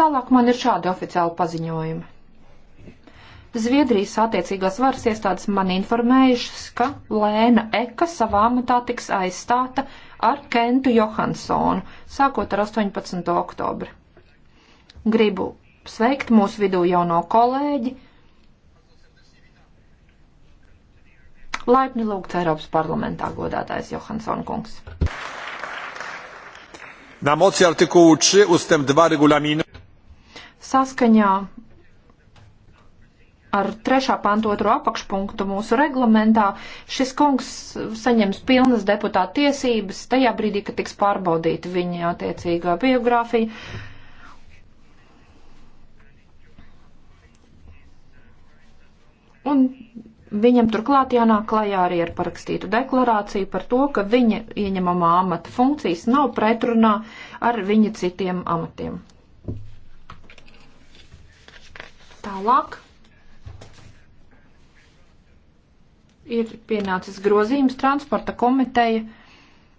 Tālāk man ir šādi oficiāli paziņojumi. Zviedrijas attiecīgās varas iestādes man informējušas, ka Lēna Eka savā matā tiks aizstāta ar Kentu Johansonu, sākot ar 18. oktobri. Gribu sveikt mūsu vidū jauno kolēģi. Laipni lūgts Eiropas parlamentā godātais Johansson kungs. Na mocy artykułu 3 ustęp 2 regulaminu saskaņā ar trešā pantu otro apakšpunktu mūsu reglamentā šis kungs saņems pilnas deputāta tiesības tajā brīdī, kad tiks pārbaudīta viņa attiecīgā biogrāfija. Un viņam turklāt jānāk klajā arī ar parakstītu deklarāciju par to, ka viņa ieņemamā amata funkcijas nav pretrunā ar viņa citiem amatiem. Tālāk ir pienācis grozījums transporta komiteja